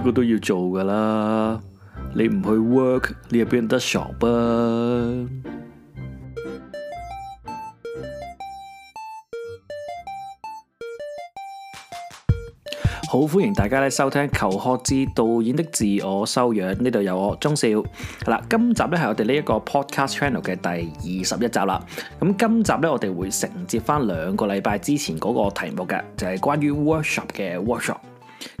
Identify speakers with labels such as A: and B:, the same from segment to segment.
A: 這個都要做噶啦。你唔去 work，你又邊得 shop？好，歡迎大家咧收聽求學之導演的自我修養，呢度有我鍾少。係啦，今集咧係我哋呢一個 podcast channel 嘅第二十一集啦。咁今集咧，我哋會承接翻兩個禮拜之前嗰個題目嘅，就係關於 workshop 嘅 workshop。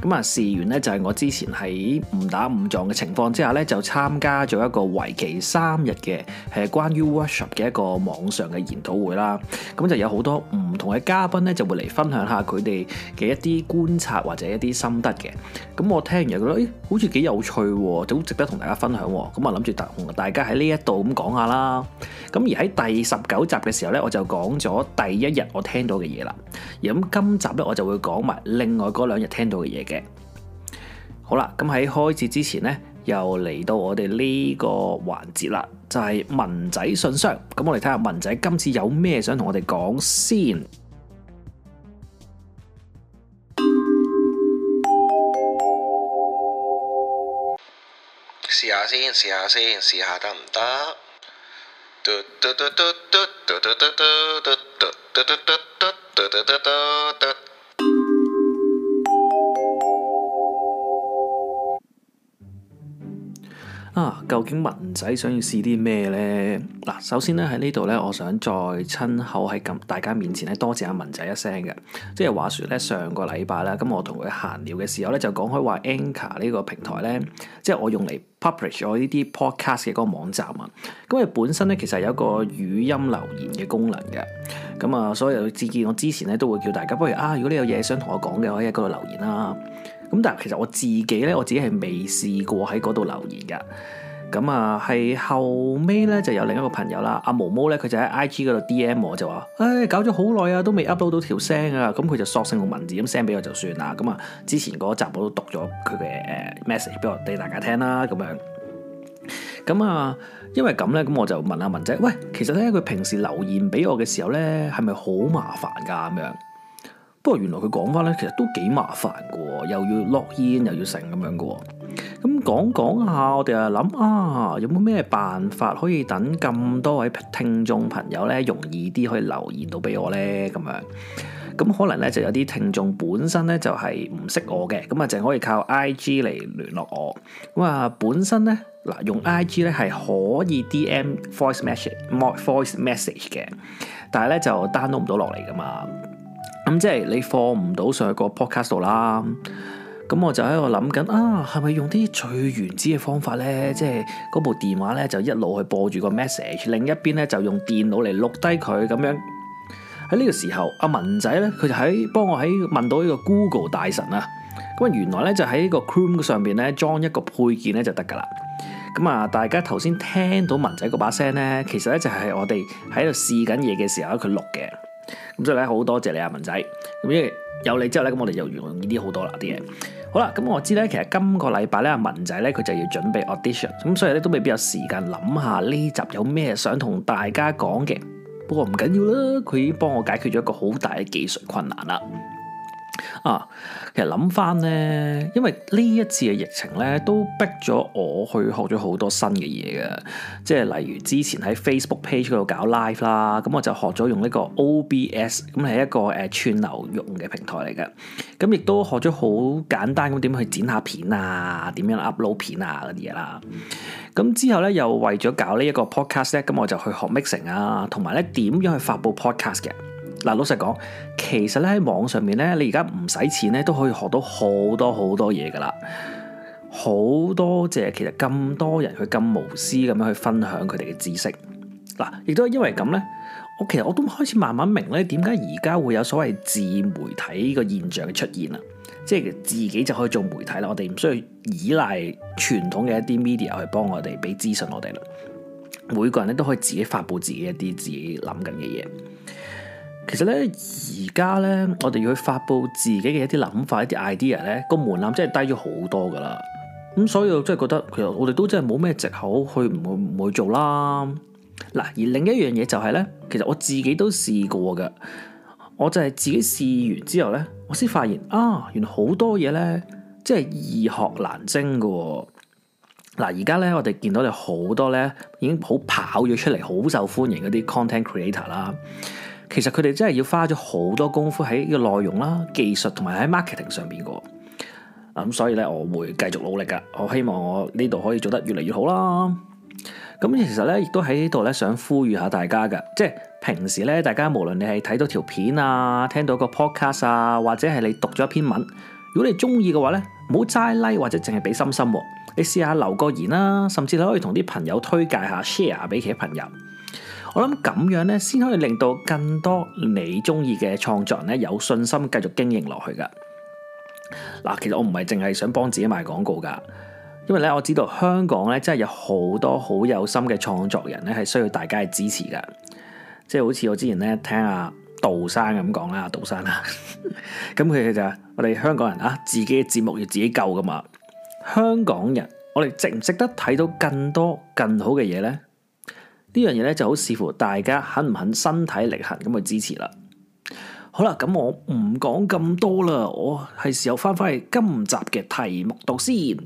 A: 咁啊，事完咧就係、是、我之前喺誤打誤撞嘅情況之下咧，就參加咗一個為期三日嘅，係關於 workshop 嘅一個網上嘅研討會啦。咁就有好多唔同嘅嘉賓咧，就會嚟分享一下佢哋嘅一啲觀察或者一啲心得嘅。咁我聽完又覺得誒，好似幾有趣喎，好值得同大家分享喎。咁啊，諗住同大家喺呢一度咁講下啦。咁而喺第十九集嘅時候咧，我就講咗第一日我聽到嘅嘢啦。咁今集咧，我就會講埋另外嗰兩日聽到嘅嘢。嘅好啦，咁喺開始之前呢，又嚟到我哋呢個環節啦，就係文仔信箱。咁我哋睇下文仔今次有咩想同我哋講先。試下先，試下先，試下得唔得？究竟文仔想要試啲咩呢？嗱，首先咧喺呢度呢，我想再親口喺咁大家面前呢，多謝阿文仔一聲嘅。即係話説呢，上個禮拜啦，咁我同佢閒聊嘅時候呢，就講開話 Anchor 呢個平台呢，即係我用嚟 publish 我呢啲 podcast 嘅嗰個網站啊。咁佢本身呢，其實有一個語音留言嘅功能嘅。咁啊，所以自見我之前呢，都會叫大家，不如啊，如果你有嘢想同我講嘅，可以喺嗰度留言啦。咁但係其實我自己呢，我自己係未試過喺嗰度留言嘅。咁啊，係後尾咧就有另一個朋友啦，阿毛毛咧佢就喺 I G 嗰度 D M 我，我就話，唉、哎，搞咗好耐啊，都未 upload 到條聲啊，咁佢就索性用文字咁 send 俾我就算啦。咁啊，之前嗰集我都讀咗佢嘅誒 message 俾我，俾大家聽啦，咁樣。咁啊，因為咁咧，咁我就問阿文仔，喂，其實咧佢平時留言俾我嘅時候咧，係咪好麻煩噶咁樣？不過原來佢講翻咧，其實都幾麻煩噶，又要落煙又要成咁樣噶。咁講講下，我哋就諗啊，有冇咩辦法可以等咁多位聽眾朋友咧容易啲可以留言到俾我咧？咁樣，咁可能咧就有啲聽眾本身咧就係唔識我嘅，咁啊淨可以靠 I G 嚟聯絡我。咁啊本身咧嗱，用 I G 咧係可以 D M voice message voice message 嘅，但係咧就 download 唔到落嚟噶嘛。咁即係你放唔到上去個 podcast 度啦，咁我就喺度諗緊啊，係咪用啲最原始嘅方法呢？即係嗰部電話呢，就一路去播住個 message，另一邊呢，就用電腦嚟錄低佢咁樣。喺呢個時候，阿文仔呢，佢就喺幫我喺問到呢個 Google 大神啊，咁啊原來呢，就喺個 Chrome 上邊呢，裝一個配件呢就得噶啦。咁啊，大家頭先聽到文仔嗰把聲呢，其實呢，就係我哋喺度試緊嘢嘅時候佢錄嘅。咁所以咧好多謝你啊文仔，咁因為有你之後咧，咁我哋就容易啲好多啦啲嘢。好啦，咁我知咧，其實今個禮拜咧阿文仔咧佢就要準備 audition，咁所以咧都未必有時間諗下呢集有咩想同大家講嘅。不過唔緊要啦，佢已經幫我解決咗一個好大嘅技術困難啦。啊，其實諗翻咧，因為呢一次嘅疫情咧，都逼咗我去學咗好多新嘅嘢噶，即係例如之前喺 Facebook page 嗰度搞 live 啦，咁我就學咗用呢個 OBS，咁係一個誒串流用嘅平台嚟嘅，咁亦都學咗好簡單咁點去剪下片啊，點樣 upload 片啊嗰啲嘢啦，咁之後咧又為咗搞呢一個 podcast 咧，咁我就去學 mixing 啊，同埋咧點樣去發布 podcast 嘅。嗱，老實講，其實咧，喺網上面咧，你而家唔使錢咧，都可以學到好多好多嘢噶啦。好多謝，其實咁多人去咁無私咁樣去分享佢哋嘅知識。嗱，亦都係因為咁咧，我其實我都開始慢慢明咧，點解而家會有所謂自媒體呢個現象嘅出現啦。即係自己就可以做媒體啦，我哋唔需要依賴傳統嘅一啲 media 去幫我哋俾資訊我哋啦。每個人咧都可以自己發布自己一啲自己諗緊嘅嘢。其實咧，而家咧，我哋要去發布自己嘅一啲諗法、一啲 idea 咧，個門檻真係低咗好多噶啦。咁所以我真係覺得，其實我哋都真係冇咩藉口去唔去唔去做啦。嗱，而另一樣嘢就係咧，其實我自己都試過嘅。我就係自己試完之後咧，我先發現啊，原來好多嘢咧，即係易學難精嘅喎。嗱，而家咧，我哋見到你好多咧，已經好跑咗出嚟，好受歡迎嗰啲 content creator 啦。其實佢哋真係要花咗好多功夫喺呢個內容啦、技術同埋喺 marketing 上邊噶，咁所以咧，我會繼續努力噶，我希望我呢度可以做得越嚟越好啦。咁其實咧，亦都喺呢度咧，想呼籲下大家噶，即係平時咧，大家無論你係睇到一條片啊、聽到一個 podcast 啊，或者係你讀咗一篇文，如果你中意嘅話咧，唔好齋 like 或者淨係俾心心，你試下留個言啦，甚至你可以同啲朋友推介一下 share 俾其他朋友。我諗咁樣咧，先可以令到更多你中意嘅創作人咧，有信心繼續經營落去噶。嗱，其實我唔係淨係想幫自己賣廣告噶，因為咧我知道香港咧真係有好多好有心嘅創作人咧，係需要大家嘅支持噶。即係好似我之前咧聽阿杜生咁講啦，杜生啦，咁佢就話我哋香港人啊，自己嘅節目要自己救噶嘛。香港人，我哋值唔值得睇到更多更好嘅嘢咧？呢樣嘢咧就好視乎大家肯唔肯身體力行咁去支持啦。好啦，咁我唔講咁多啦，我係時候翻翻去今集嘅題目度先。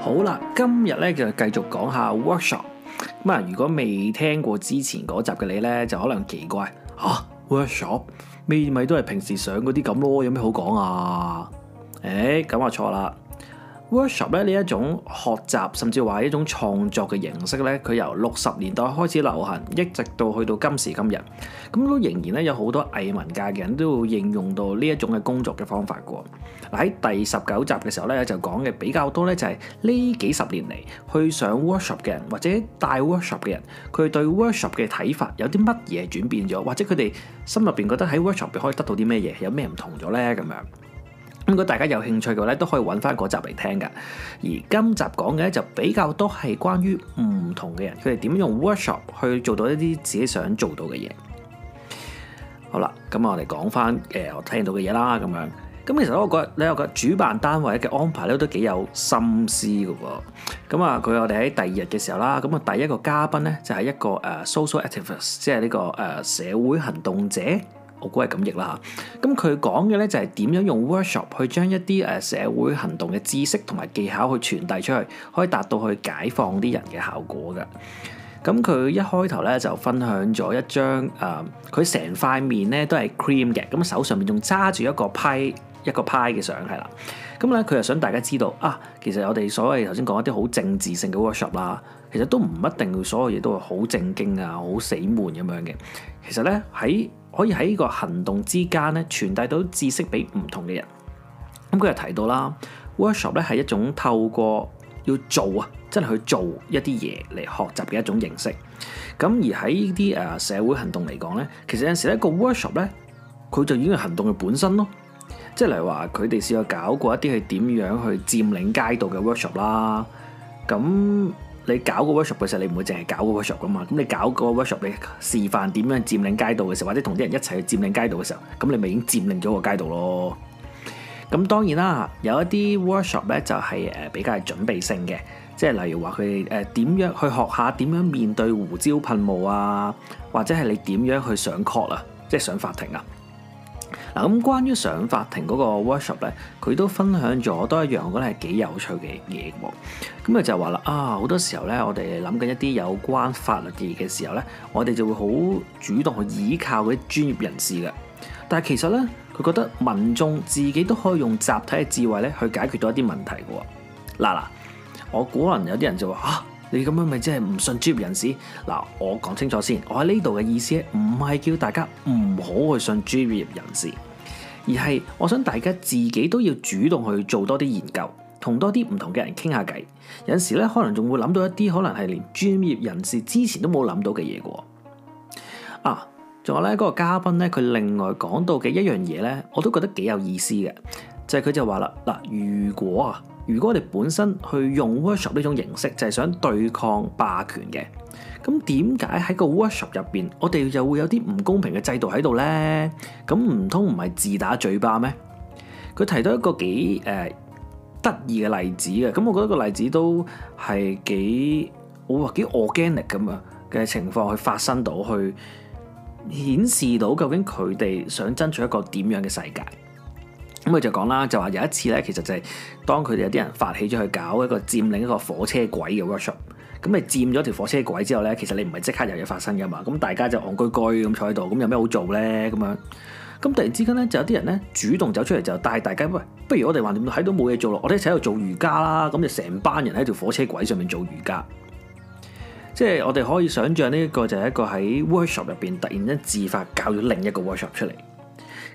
A: 好啦，今日咧就繼續講下 workshop。咁如果未聽過之前嗰集嘅你呢，就可能奇怪嚇、啊、Workshop，未咪都係平時上嗰啲咁咯，有咩好講啊？誒、欸，咁話錯啦。Workshop 咧，呢一種學習甚至話一種創作嘅形式咧，佢由六十年代開始流行，一直到去到今時今日，咁都仍然咧有好多藝文界嘅人都會應用到呢一種嘅工作嘅方法嘅。嗱，喺第十九集嘅時候咧，就講嘅比較多咧就係、是、呢幾十年嚟去上 workshop 嘅人或者帶 workshop 嘅人，佢對 workshop 嘅睇法有啲乜嘢轉變咗，或者佢哋心入邊覺得喺 workshop 入邊可以得到啲咩嘢，有咩唔同咗咧咁樣。咁如果大家有興趣嘅話咧，都可以揾翻嗰集嚟聽㗎。而今集講嘅咧就比較多係關於唔同嘅人，佢哋點用 workshop 去做到一啲自己想做到嘅嘢。好啦，咁我哋講翻誒我聽到嘅嘢啦，咁樣。咁其實我覺得你有個主辦單位嘅安排咧都幾有心思㗎喎。咁啊，佢我哋喺第二日嘅時候啦，咁啊，第一個嘉賓咧就係一個誒 social activist，即係呢個誒社會行動者。我估係噉譯啦，咁佢講嘅咧就係點樣他說的是用 workshop 去將一啲誒社會行動嘅知識同埋技巧去傳遞出去，可以達到去解放啲人嘅效果㗎。咁佢一開頭咧就分享咗一張誒，佢成塊面咧都係 cream 嘅，咁手上面仲揸住一個派一個 pie 嘅相係啦。咁咧佢又想大家知道啊，其實我哋所謂頭先講一啲好政治性嘅 workshop 啦。其實都唔一定，所有嘢都係好正經啊，好死悶咁樣嘅。其實咧喺可以喺呢個行動之間咧，傳遞到知識俾唔同嘅人。咁佢又提到啦 workshop 咧係一種透過要做啊，真係去做一啲嘢嚟學習嘅一種形式。咁、嗯、而喺呢啲誒社會行動嚟講咧，其實有陣時一個 workshop 咧，佢就已經係行動嘅本身咯。即係例如話，佢哋試過搞過一啲係點樣去佔領街道嘅 workshop 啦、啊。咁、嗯你搞個 workshop 嘅時候，你唔會淨係搞個 workshop 噶嘛？咁你搞個 workshop，你示範點樣佔領街道嘅時候，或者同啲人一齊去佔領街道嘅時候，咁你咪已經佔領咗個街道咯。咁當然啦，有一啲 workshop 咧就係誒比較係準備性嘅，即係例如話佢哋誒點樣去學下點樣面對胡椒噴霧啊，或者係你點樣去上 court 啊，即係上法庭啊。嗱，咁關於上法庭嗰個 workshop 咧，佢都分享咗都一樣，我覺得係幾有趣嘅嘢喎。咁啊就話啦，啊好多時候咧，我哋諗緊一啲有關法律嘅嘢嘅時候咧，我哋就會好主動去依靠嗰啲專業人士嘅。但係其實咧，佢覺得民眾自己都可以用集體嘅智慧咧去解決到一啲問題嘅。嗱嗱，我估可能有啲人就話啊。你咁樣咪即係唔信專業人士？嗱，我講清楚先，我喺呢度嘅意思咧，唔係叫大家唔好去信專業人士，而係我想大家自己都要主動去做多啲研究，同多啲唔同嘅人傾下偈。有時咧，可能仲會諗到一啲可能係連專業人士之前都冇諗到嘅嘢嘅喎。啊，仲有咧，嗰個嘉賓咧，佢另外講到嘅一樣嘢咧，我都覺得幾有意思嘅，就係佢就話啦嗱，如果啊～如果我哋本身去用 workshop 呢種形式，就係、是、想對抗霸權嘅，咁點解喺個 workshop 入面，我哋又會有啲唔公平嘅制度喺度呢？咁唔通唔係自打嘴巴咩？佢提到一個幾誒、呃、得意嘅例子嘅，咁我覺得這個例子都係幾我話幾 organic 咁啊嘅情況去發生到，去顯示到究竟佢哋想爭取一個點樣嘅世界。咁佢就講啦，就話有一次咧，其實就係當佢哋有啲人發起咗去搞一個佔領一個火車軌嘅 workshop，咁咪佔咗條火車軌之後咧，其實你唔係即刻有嘢發生㗎嘛，咁大家就戇居居咁坐喺度，咁有咩好做咧？咁樣，咁突然之間咧，就有啲人咧主動走出嚟就帶大家，喂，不如我哋橫掂喺度冇嘢做咯，我哋一齊喺度做瑜伽啦，咁就成班人喺條火車軌上面做瑜伽，即係我哋可以想象呢個就係一個喺 workshop 入邊突然間自發搞咗另一個 workshop 出嚟。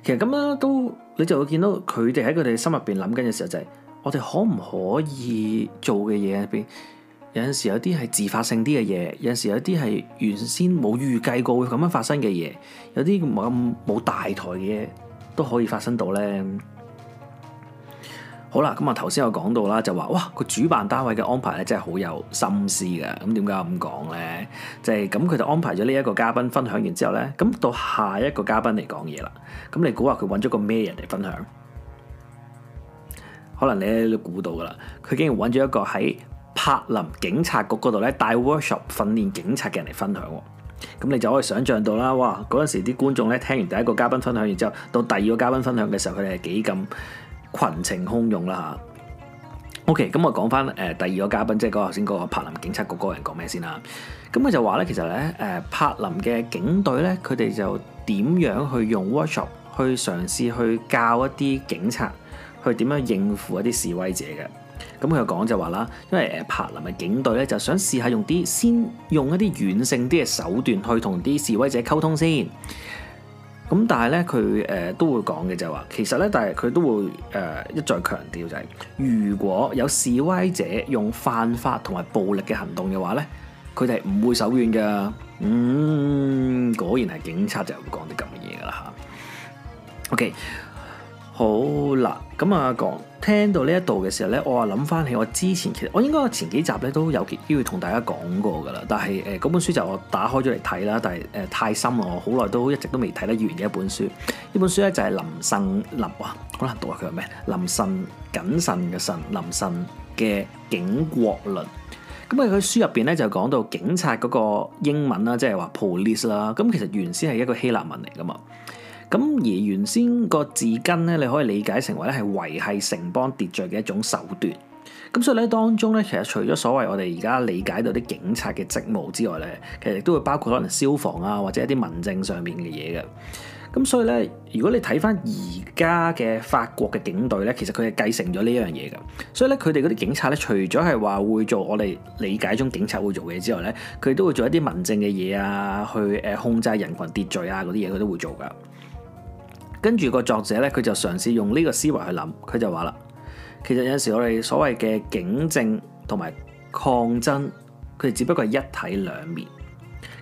A: 其實咁樣都，你就會見到佢哋喺佢哋心入邊諗緊嘅時候，就係我哋可唔可以做嘅嘢入邊，有陣時有啲係自發性啲嘅嘢，有陣時有啲係原先冇預計過會咁樣發生嘅嘢，有啲冇咁冇大台嘅嘢都可以發生到咧。好啦，咁啊，頭先我講到啦，就話哇個主辦單位嘅安排咧，真係好有心思噶。咁點解咁講咧？就係咁，佢就安排咗呢一個嘉賓分享完之後咧，咁到下一個嘉賓嚟講嘢啦。咁你估下佢揾咗個咩人嚟分享？可能你都估到噶啦，佢竟然揾咗一個喺柏林警察局嗰度咧帶 workshop 訓練警察嘅人嚟分享。咁你就可以想像到啦，哇！嗰陣時啲觀眾咧聽完第一個嘉賓分享完之後，到第二個嘉賓分享嘅時候，佢哋係幾咁？群情洶湧啦吓，OK，咁我講翻誒第二個嘉賓，即係嗰頭先嗰個柏林警察局嗰個人講咩先啦？咁佢就話咧，其實咧誒柏林嘅警隊咧，佢哋就點樣去用 workshop 去嘗試去教一啲警察去點樣應付一啲示威者嘅。咁佢就講就話啦，因為誒柏林嘅警隊咧就想試一下用啲先用一啲軟性啲嘅手段去同啲示威者溝通先。咁但係咧，佢誒都會講嘅就係話，其實咧，但係佢都會誒一再強調就係，如果有示威者用犯法同埋暴力嘅行動嘅話咧，佢哋唔會手軟㗎。嗯，果然係警察就係會講啲咁嘅嘢㗎啦嚇。OK。好啦，咁啊，講聽到呢一度嘅時候咧，我啊諗翻起我之前其實我應該前幾集咧都有機會同大家講過噶啦，但係嗰本書就我打開咗嚟睇啦，但係太深啦，我好耐都一直都未睇得完嘅一本書。呢本書咧就係林慎林啊，好難讀啊，佢係咩？林慎謹慎嘅慎，林慎嘅警國論。咁啊，佢書入面咧就講到警察嗰個英文啦，即係話 police 啦。咁其實原先係一個希臘文嚟噶嘛。咁而原先個字根咧，你可以理解成為咧係維繫城邦秩序嘅一種手段。咁所以咧當中咧，其實除咗所謂我哋而家理解到啲警察嘅職務之外咧，其實都會包括可能消防啊，或者一啲民政上面嘅嘢嘅。咁所以咧，如果你睇返而家嘅法國嘅警隊咧，其實佢係繼承咗呢樣嘢嘅。所以咧，佢哋嗰啲警察咧，除咗係話會做我哋理解中警察會做嘅嘢之外咧，佢都會做一啲民政嘅嘢啊，去誒控制人群秩序啊嗰啲嘢，佢都會做噶。跟住個作者咧，佢就嘗試用呢個思維去諗，佢就話啦，其實有時我哋所謂嘅警政同埋抗爭，佢哋只不過係一體兩面。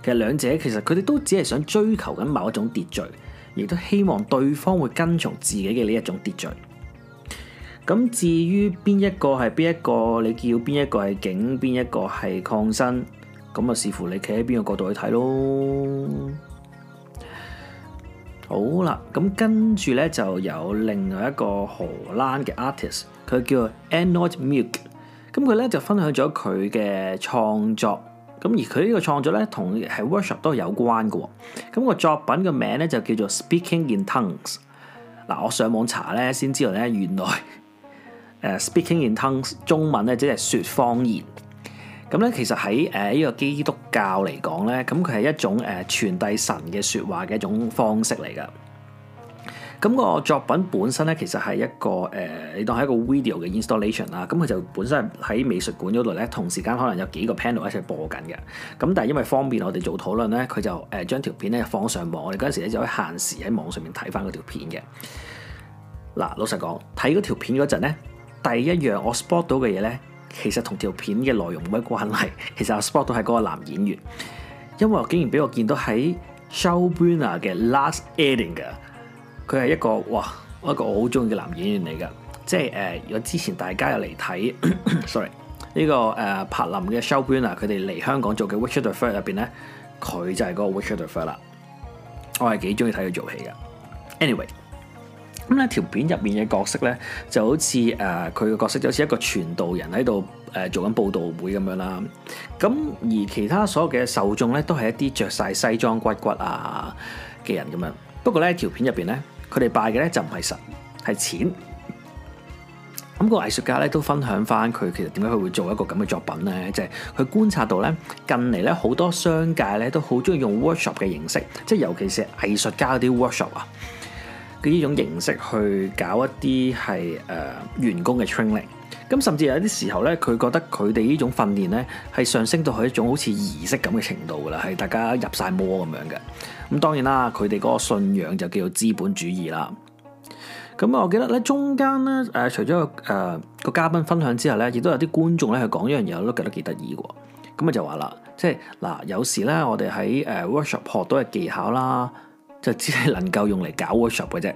A: 其實兩者其實佢哋都只係想追求緊某一種秩序，亦都希望對方會跟從自己嘅呢一種秩序。咁至於邊一個係邊一個，你叫邊一個係警，邊一個係抗爭，咁啊視乎你企喺邊個角度去睇咯。好啦，咁跟住咧就有另外一個荷蘭嘅 artist，佢叫 a n n o i t m i l e 咁佢咧就分享咗佢嘅創作，咁而佢呢個創作咧同係 workshop 都有關嘅，咁個作品嘅名咧就叫做 Speaking in tongues。嗱，我上網查咧先知道咧，原來 Speaking in tongues 中文咧即係説方言。咁咧，其實喺誒呢個基督教嚟講咧，咁佢係一種誒傳遞神嘅説話嘅一種方式嚟㗎。咁個作品本身咧，其實係一個誒、呃，你當係一個 video 嘅 installation 啦。咁佢就本身喺美術館嗰度咧，同時間可能有幾個 panel 一齊播緊嘅。咁但係因為方便我哋做討論咧，佢就誒將條片咧放上網。我哋嗰陣時咧就可以限時喺網上面睇翻嗰條片嘅。嗱，老實講，睇嗰條片嗰陣咧，第一樣我 spot 到嘅嘢咧。其實同條片嘅內容冇乜關係，其實阿 spot 都係嗰個男演員，因為我竟然俾我見到喺 Schaubühne 嘅 Lars Eidinger，佢係一個哇一個我好中意嘅男演員嚟噶，即係誒、呃，如果之前大家又嚟睇，sorry 呢、這個誒、呃、柏林嘅 Schaubühne 佢哋嚟香港做嘅 Richard the Third 入邊咧，佢就係嗰個 Richard the Third 啦，我係幾中意睇佢做戲嘅。Anyway。咁咧條片入面嘅角色咧，就好似誒佢嘅角色，就好似一個傳道人喺度誒做緊佈道會咁樣啦。咁而其他所有嘅受眾咧，都係一啲着晒西裝骨骨啊嘅人咁樣。不過咧條片入邊咧，佢哋拜嘅咧就唔係神，係錢。咁個藝術家咧都分享翻佢其實點解佢會做一個咁嘅作品咧，就係佢觀察到咧近嚟咧好多商界咧都好中意用 workshop 嘅形式，即係尤其是藝術家嗰啲 workshop 啊。呢種形式去搞一啲係誒員工嘅 training，咁甚至有啲時候咧，佢覺得佢哋呢種訓練咧係上升到係一種好似儀式咁嘅程度噶啦，係大家入晒魔咁樣嘅。咁、呃、當然啦，佢哋嗰個信仰就叫做資本主義啦。咁、嗯、啊，我記得咧中間咧誒、呃，除咗誒個嘉賓分享之後咧，亦都有啲觀眾咧去講一樣嘢，我都覺得幾得意嘅喎。咁啊就話啦，即係嗱有時咧，我哋喺誒 Workshop 學到嘅技巧啦。就只係能夠用嚟搞 workshop 嘅啫，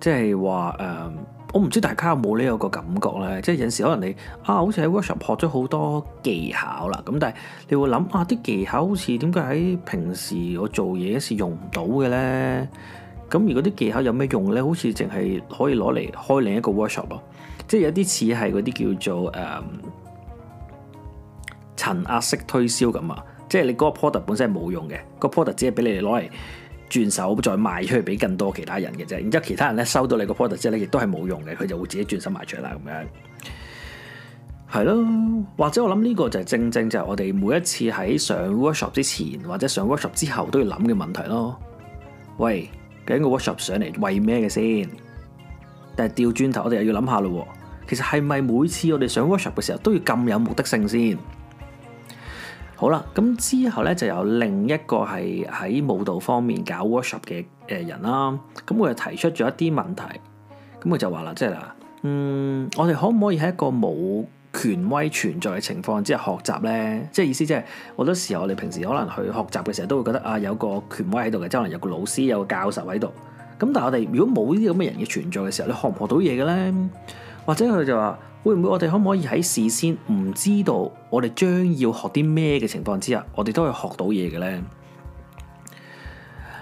A: 即係話誒，我唔知大家有冇呢個個感覺咧。即係有時可能你啊，好似喺 workshop 學咗好多技巧啦，咁但係你會諗啊，啲技巧好似點解喺平時我做嘢嗰時用唔到嘅咧？咁如果啲技巧有咩用咧？好似淨係可以攞嚟開另一個 workshop 咯，即係有啲似係嗰啲叫做誒層壓式推銷咁啊。即係你嗰個 product 本身係冇用嘅，個 product 只係俾你攞嚟轉手再賣出去俾更多其他人嘅啫。然之後其他人咧，收到你個 product 之後咧，亦都係冇用嘅，佢就會自己轉手賣出啦。咁樣係咯，或者我諗呢個就係正正就係我哋每一次喺上 workshop 之前或者上 workshop 之後都要諗嘅問題咯。喂，究竟個 workshop 上嚟為咩嘅先？但係掉轉頭，我哋又要諗下嘞。其實係咪每次我哋上 workshop 嘅時候都要咁有目的性先？好啦，咁之後咧就有另一個係喺舞蹈方面搞 workshop 嘅誒人啦，咁佢就提出咗一啲問題，咁佢就話啦，即係嗱，嗯，我哋可唔可以喺一個冇權威存在嘅情況之下學習咧？即係意思即係好多時候我哋平時可能去學習嘅時候都會覺得啊有個權威喺度嘅，即可能有個老師有個教授喺度，咁但係我哋如果冇呢啲咁嘅人嘅存在嘅時候，你學唔學到嘢嘅咧？或者佢就話。會唔會我哋可唔可以喺事先唔知道我哋將要學啲咩嘅情況之下，我哋都可以學到嘢嘅呢？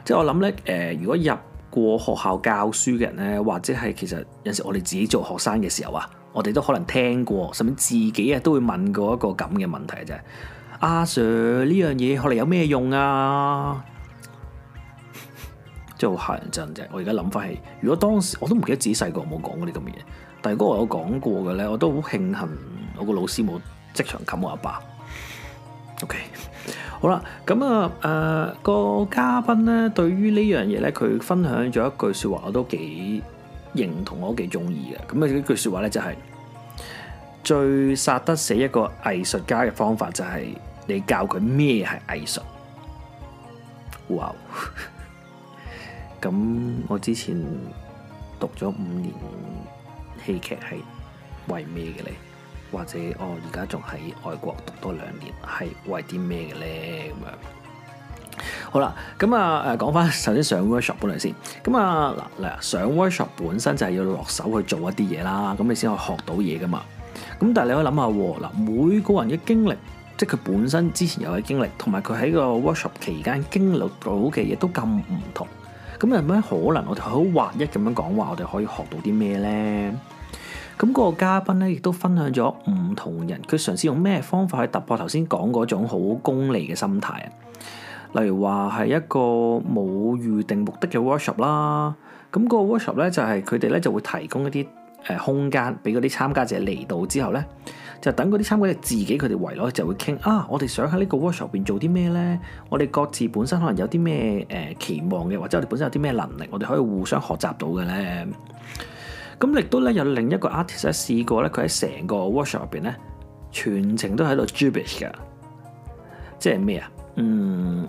A: 即係我諗呢，誒、呃，如果入過學校教書嘅人呢，或者係其實有陣時我哋自己做學生嘅時候啊，我哋都可能聽過，甚至自己啊都會問過一個咁嘅問題啫。阿、啊、Sir 呢樣嘢學嚟有咩用啊？即係好吓人憎嘅。我而家諗翻起，如果當時我都唔記得自己細個冇講過啲咁嘅嘢。但係嗰個我講過嘅咧，我都好慶幸我個老師冇即場冚我阿爸，爸。OK，好啦，咁啊，誒、呃那個嘉賓咧，對於呢樣嘢咧，佢分享咗一句説話，我都幾認同，我都幾中意嘅。咁啊，呢句説話咧就係、是、最殺得死一個藝術家嘅方法，就係、是、你教佢咩係藝術。哇！咁我之前讀咗五年。戲劇係為咩嘅咧？或者我而家仲喺外國讀多兩年，係為啲咩嘅咧？咁樣好啦，咁啊，誒講返首先上 workshop 本來先。咁啊，嗱嗱上 workshop 本身就係要落手去做一啲嘢啦，咁你先可以學到嘢噶嘛。咁但係你可以諗下喎，嗱每個人嘅經歷，即係佢本身之前有嘅經歷，同埋佢喺個 workshop 期間經歷到嘅嘢都咁唔同。咁有咩可能我哋好劃一咁樣講，話我哋可以學到啲咩咧？咁、嗰個嘉賓咧，亦都分享咗唔同人，佢嘗試用咩方法去突破頭先講嗰種好功利嘅心態啊，例如話係一個冇預定目的嘅 workshop 啦。咁、嗰個 workshop 咧就係佢哋咧就會提供一啲誒空間俾嗰啲參加者嚟到之後咧，就等嗰啲參加者自己佢哋圍落就會傾啊，我哋想喺呢個 workshop 入邊做啲咩咧？我哋各自本身可能有啲咩誒期望嘅，或者我哋本身有啲咩能力，我哋可以互相學習到嘅咧。咁亦都咧，有另一個 artist 咧試過咧，佢喺成個 workshop 入邊咧，全程都喺度 gibberish 嘅，即係咩啊？嗯，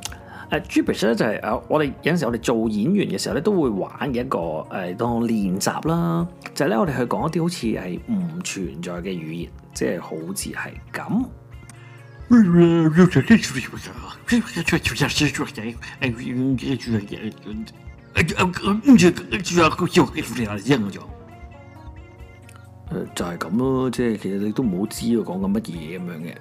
A: 誒 gibberish 咧就係誒我哋有陣時我哋做演員嘅時候咧都會玩嘅一個誒、啊、當練習啦，就係、是、咧我哋去講一啲好似係唔存在嘅語言，即、就、係、是、好似係咁。 就係咁咯，即係其實你都唔好知佢講緊乜嘢咁樣嘅。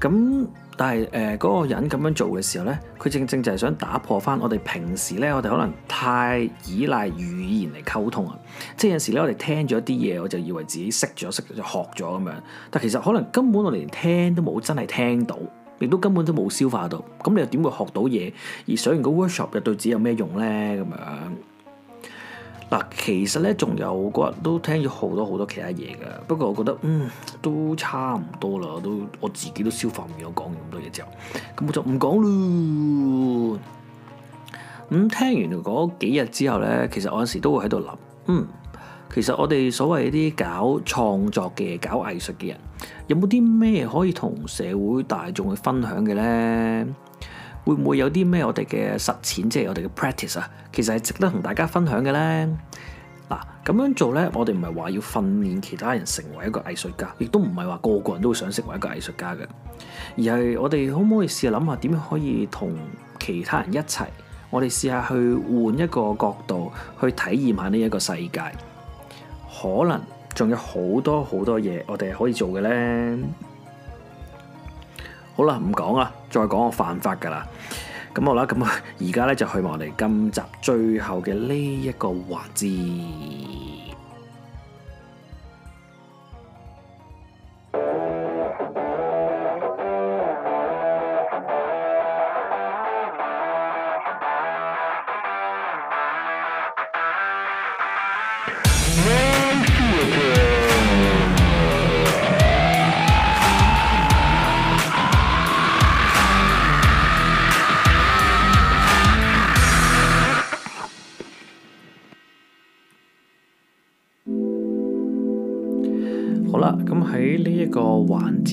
A: 咁但係誒嗰個人咁樣做嘅時候呢，佢正正就係想打破翻我哋平時呢，我哋可能太依賴語言嚟溝通啊。即係有時呢，我哋聽咗啲嘢，我就以為自己識咗、識咗、就學咗咁樣。但其實可能根本我哋連聽都冇真係聽到，亦都根本都冇消化到。咁你又點會學到嘢？而上完個 workshop 又對自己有咩用呢？咁樣？其實咧，仲有嗰日都聽咗好多好多其他嘢嘅，不過我覺得，嗯，都差唔多啦，都我自己都消化唔到講咁多嘢之後，咁我就唔講啦。咁、嗯、聽完嗰幾日之後咧，其實我有時都會喺度諗，嗯，其實我哋所謂啲搞創作嘅、搞藝術嘅人，有冇啲咩可以同社會大眾去分享嘅咧？會唔會有啲咩我哋嘅實踐，即係我哋嘅 practice 啊？其實係值得同大家分享嘅呢。嗱，咁樣做呢，我哋唔係話要訓練其他人成為一個藝術家，亦都唔係話個個人都會想成為一個藝術家嘅，而係我哋可唔可以試下諗下點樣可以同其他人一齊，我哋試下去換一個角度去體驗下呢一個世界，可能仲有好多好多嘢我哋可以做嘅呢。好啦，唔講啦，再講我犯法噶啦，咁好啦咁啊，而家咧就去埋我哋今集最後嘅呢一個環節。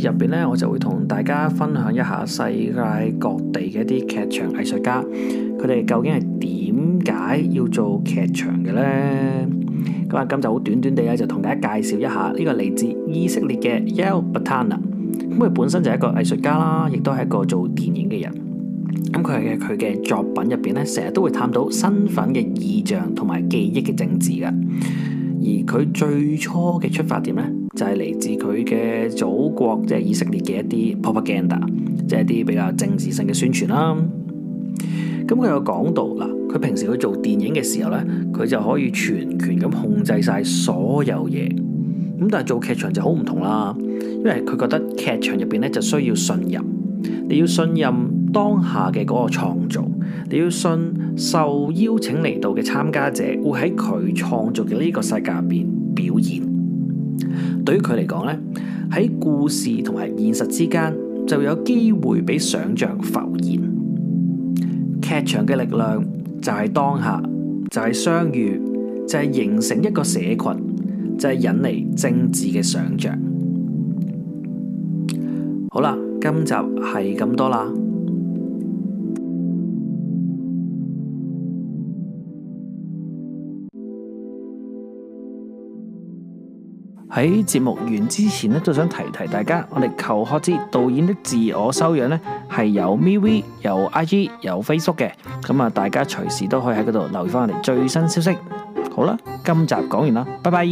A: 入邊咧，我就會同大家分享一下世界各地嘅一啲劇場藝術家，佢哋究竟係點解要做劇場嘅呢？咁啊，今集就好短短地咧，就同大家介紹一下呢個嚟自以色列嘅 Yael Bartana。咁佢本身就係一個藝術家啦，亦都係一個做電影嘅人。咁佢嘅佢嘅作品入邊咧，成日都會探討身份嘅意象同埋記憶嘅政治嘅。而佢最初嘅出發點咧，就係嚟自佢嘅祖國，即係以色列嘅一啲 propaganda，即係一啲比較政治性嘅宣傳啦。咁佢有講到嗱，佢平時去做電影嘅時候咧，佢就可以全權咁控制晒所有嘢。咁但係做劇場就好唔同啦，因為佢覺得劇場入邊咧就需要信任，你要信任當下嘅嗰個創造，你要信受邀請嚟到嘅參加者會喺佢創造嘅呢個世界入面表演。對於佢嚟講咧，喺故事同埋現實之間，就有機會俾想象浮現。劇場嘅力量就係當下，就係相遇，就係形成一個社群，就係引嚟政治嘅想象。好啦，今集係咁多啦。喺節目完之前咧，都想提提大家，我哋求學之導演的自我修養咧，係有 V V、有 I G、有 Facebook 嘅。咁啊，大家隨時都可以喺嗰度留意翻我哋最新消息。好啦，今集講完啦，拜拜。